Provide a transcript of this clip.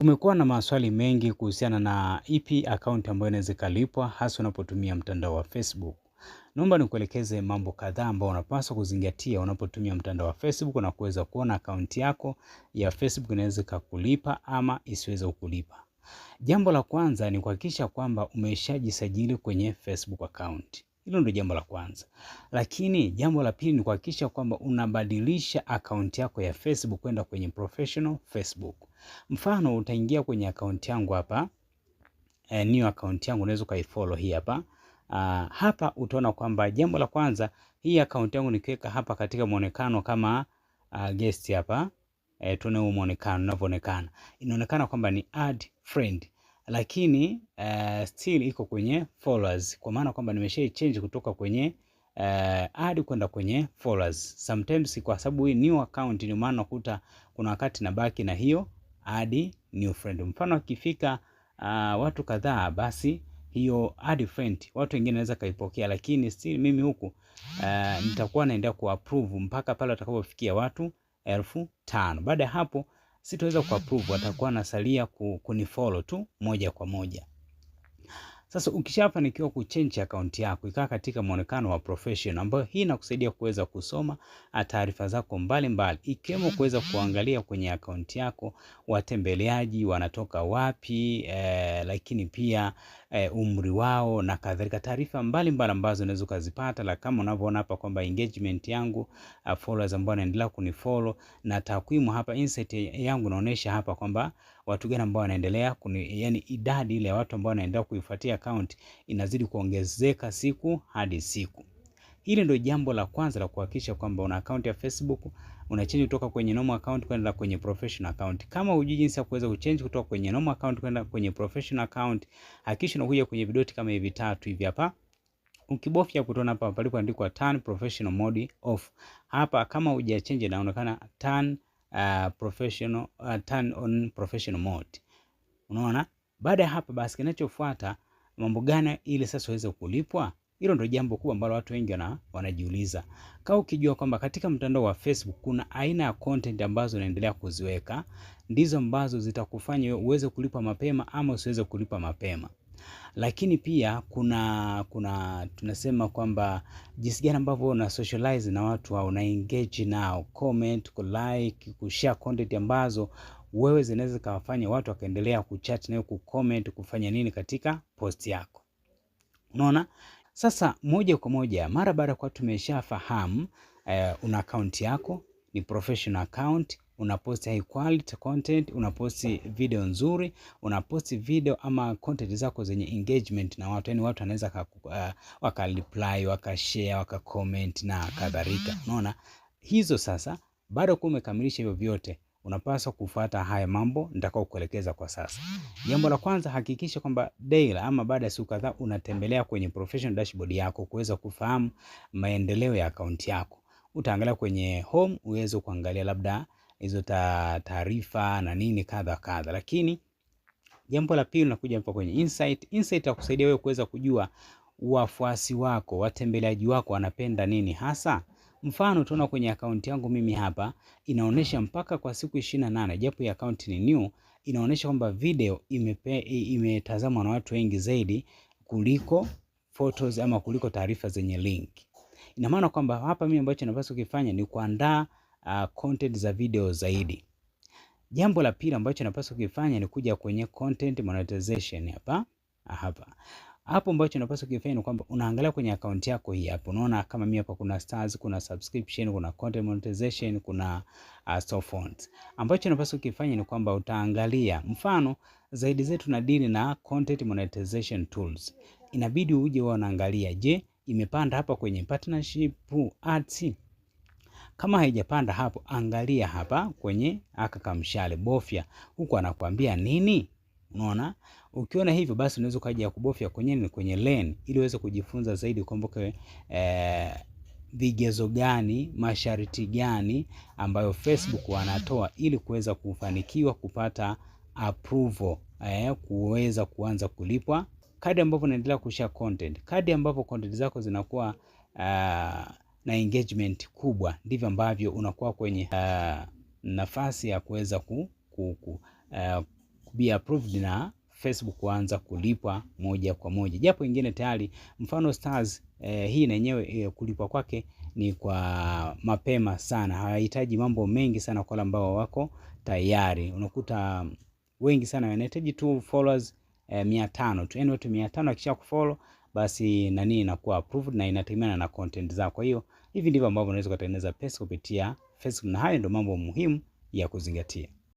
Umekuwa na maswali mengi kuhusiana na ipi akaunti ambayo inaweza ikalipwa hasa unapotumia mtandao wa Facebook. Naomba nikuelekeze mambo kadhaa ambayo unapaswa kuzingatia unapotumia mtandao wa Facebook na kuweza kuona akaunti yako ya Facebook inaweza kukulipa ama isiweze kukulipa. Jambo la kwanza ni kuhakikisha kwamba umeshajisajili kwenye Facebook account. Hilo ndio jambo la kwanza, lakini jambo la pili ni kuhakikisha kwamba unabadilisha akaunti yako ya Facebook kwenda kwenye professional Facebook. Mfano utaingia kwenye akaunti yangu hapa e, new account yangu unaweza ukaifollow hii hapa. Uh, hapa utaona kwamba jambo la kwanza hii akaunti yangu nikiweka hapa katika mwonekano kama uh, guest hapa e, tuone huu mwonekano unavyoonekana, inaonekana kwamba ni add friend, lakini uh, still iko kwenye followers, kwa maana kwamba nimeshai change kutoka kwenye uh, add kwenda kwenye followers. Sometimes kwa sababu hii new account, ndio maana nakuta kuna wakati nabaki na hiyo hadi new friend. Mfano akifika uh, watu kadhaa, basi hiyo add friend watu wengine wanaweza kaipokea, lakini still mimi huku uh, nitakuwa ku approve mpaka pale watakapofikia watu elfu tano. Baada ya hapo sitaweza approve, watakuwa nasalia kunifollow tu moja kwa moja. Sasa ukishafanikiwa kuchange account yako ikaa katika mwonekano wa professional, ambayo hii inakusaidia kuweza kusoma ah, taarifa zako mbalimbali, ikiwemo kuweza kuangalia kwenye account yako watembeleaji wanatoka wapi, eh, lakini pia eh, umri wao na kadhalika, taarifa mbalimbali ambazo unaweza ukazipata, la kama unavyoona hapa kwamba engagement yangu, uh, followers ambao wanaendelea kunifollow na takwimu hapa, insight yangu inaonyesha hapa kwamba watu gani ambao wanaendelea kuni, yani idadi ile ya watu ambao wanaendelea kuifuatia account inazidi kuongezeka siku hadi siku. Hili ndio jambo la kwanza la kuhakikisha kwamba una account ya Facebook una change kutoka kwenye normal account kwenda kwenye professional account. Kama hujui jinsi ya kuweza kuchange kutoka kwenye normal account kwenda kwenye professional account, hakikisha unakuja kwenye vidoti kama hivi tatu hivi hapa. Ukibofya kutaona hapa palipoandikwa turn professional mode off. Hapa kama hujachange inaonekana turn uh, professional uh, turn on professional mode. Unaona? Baada ya hapa basi kinachofuata mambo gani ili sasa uweze kulipwa? Hilo ndio jambo kubwa ambalo watu wengi wana, wanajiuliza. Kama ukijua kwamba katika mtandao wa Facebook kuna aina ya content ambazo unaendelea kuziweka, ndizo ambazo zitakufanya uweze kulipa mapema ama usiweze kulipa mapema. Lakini pia kuna kuna tunasema kwamba jinsi gani ambavyo una socialize na watu au una engage nao, comment, like, kushare content ambazo wewe zinaweza kawafanya watu wakaendelea kuchat nayo, kucomment, kufanya nini katika post yako. Unaona? Sasa moja kwa moja mara baada kwa tumeshafahamu eh, una account yako ni professional account unaposti high quality content, unaposti video nzuri, unaposti video ama content zako zenye engagement na watu, yani watu wanaweza uh, waka reply waka comment na kadhalika. Unaona hizo sasa, bado kwa umekamilisha hivyo vyote unapaswa kufuata haya mambo nitakao kuelekeza kwa sasa. Jambo la kwanza, hakikisha kwamba daily ama baada ya siku kadhaa unatembelea kwenye professional dashboard yako kuweza kufahamu maendeleo ya akaunti yako. Utaangalia kwenye home uweze kuangalia labda hizo taarifa na nini kadha kadha, lakini jambo la pili unakuja hapa kwenye insight. Insight itakusaidia wewe kuweza kujua wafuasi wako, watembeleaji wako wanapenda nini hasa. Mfano tunaona kwenye akaunti yangu mimi hapa inaonyesha mpaka kwa siku 28 japo ya akaunti ni new, inaonyesha kwamba video imetazamwa na watu wengi zaidi kuliko photos ama kuliko taarifa zenye link. Ina maana kwamba hapa mimi ambacho napaswa kufanya ni kuandaa uh, content za video zaidi. Jambo la pili ambacho napaswa kufanya ni kuja kwenye content monetization hapa hapa. Hapo ambacho unapaswa kufanya ni kwamba unaangalia kwenye akaunti yako hii hapo. Unaona kama mimi hapa kuna stars, kuna subscription, kuna content monetization, kuna uh, store fonts. Ambacho unapaswa kufanya ni kwamba utaangalia mfano zaidi zetu na deal na content monetization tools. Inabidi uje unaangalia, je, imepanda hapa kwenye partnership ads? Kama haijapanda hapo, angalia hapa kwenye aka kamshale, bofya huku, anakuambia nini? Unaona? Ukiona hivyo basi unaweza ukaja kubofya kwenye kwenye learn ili uweze kujifunza zaidi ukumbuke eh, vigezo gani, masharti gani ambayo Facebook wanatoa ili kuweza kufanikiwa kupata approval eh, kuweza kuanza kulipwa kadi ambapo unaendelea kushare content, kadi ambapo content zako zinakuwa uh, na engagement kubwa, ndivyo ambavyo unakuwa kwenye uh, nafasi ya kuweza ku, ku, ku, uh, be approved na Facebook kuanza kulipwa moja kwa moja, japo ingine tayari mfano Stars eh, hii na yenyewe eh, kulipwa kwake ni kwa mapema sana, hawahitaji mambo mengi sana kwa wale ambao wako tayari. Unakuta mm, wengi sana wanahitaji tu followers eh, mia tano tu, yani watu mia tano akisha kufollow basi nani inakuwa approved na inategemeana na content zako. Kwa hiyo hivi ndivyo ambavyo unaweza kutengeneza pesa kupitia Facebook, na hayo ndio mambo muhimu ya kuzingatia.